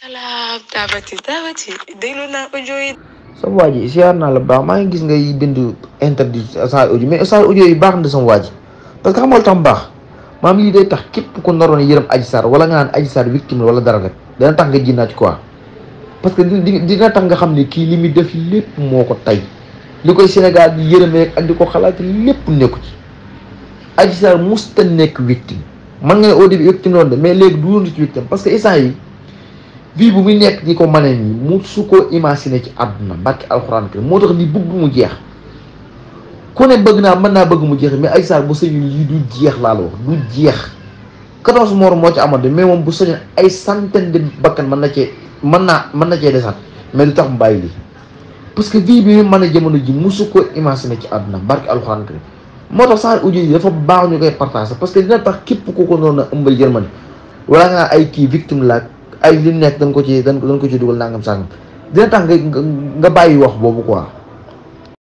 salaam taabati taabati déglu yi. waa ji siyaar naa la baax maa ngi gis ngay bind interdit saa audio mais saa audio yi baax na sama waaj ji parce que xamal tam baax maam lii de tax képp ko naroon yërëm Adji Sarr wala nga naan Adji Sarr victime wala dara rek dana tax nga jinnaat quoi parce que dina tax nga xam ne kii li muy def lépp moo ko tey li koy Sénégal di yërëmee ak di ko xalaat lépp nekku ci Adji Sarr musta nekk victime man nga ne au début victime loolu de mais léegi parce que instant yi bi bu mi nek di ko mane nii mu suko imaginé ci aduna bak alxuraan ke moo tax li bëgg mu jeex ku ne bëgg na mën naa bëgg mu jeex mais Adji Sarr bu sañul yi du jeex la lo du jeex quatorze mor mo ci amade mais mom bu sañul ay centaine de bakkan mën na cee mën naa mën na mais du tax mu bàyyi parce que bi bi mi mané jëmono ji mu suko imaginé ci aduna barki alxuraan ke moo tax Sarr audio dafa baax ñu koy partager parce que dina tax kep ku ko noonu a ëmbal wala nga ay ki victime la ay li nekk dañ ko ci dañ ko ci dugal nangam sàngam dina tax nga nga bàyyi wax boobu quoi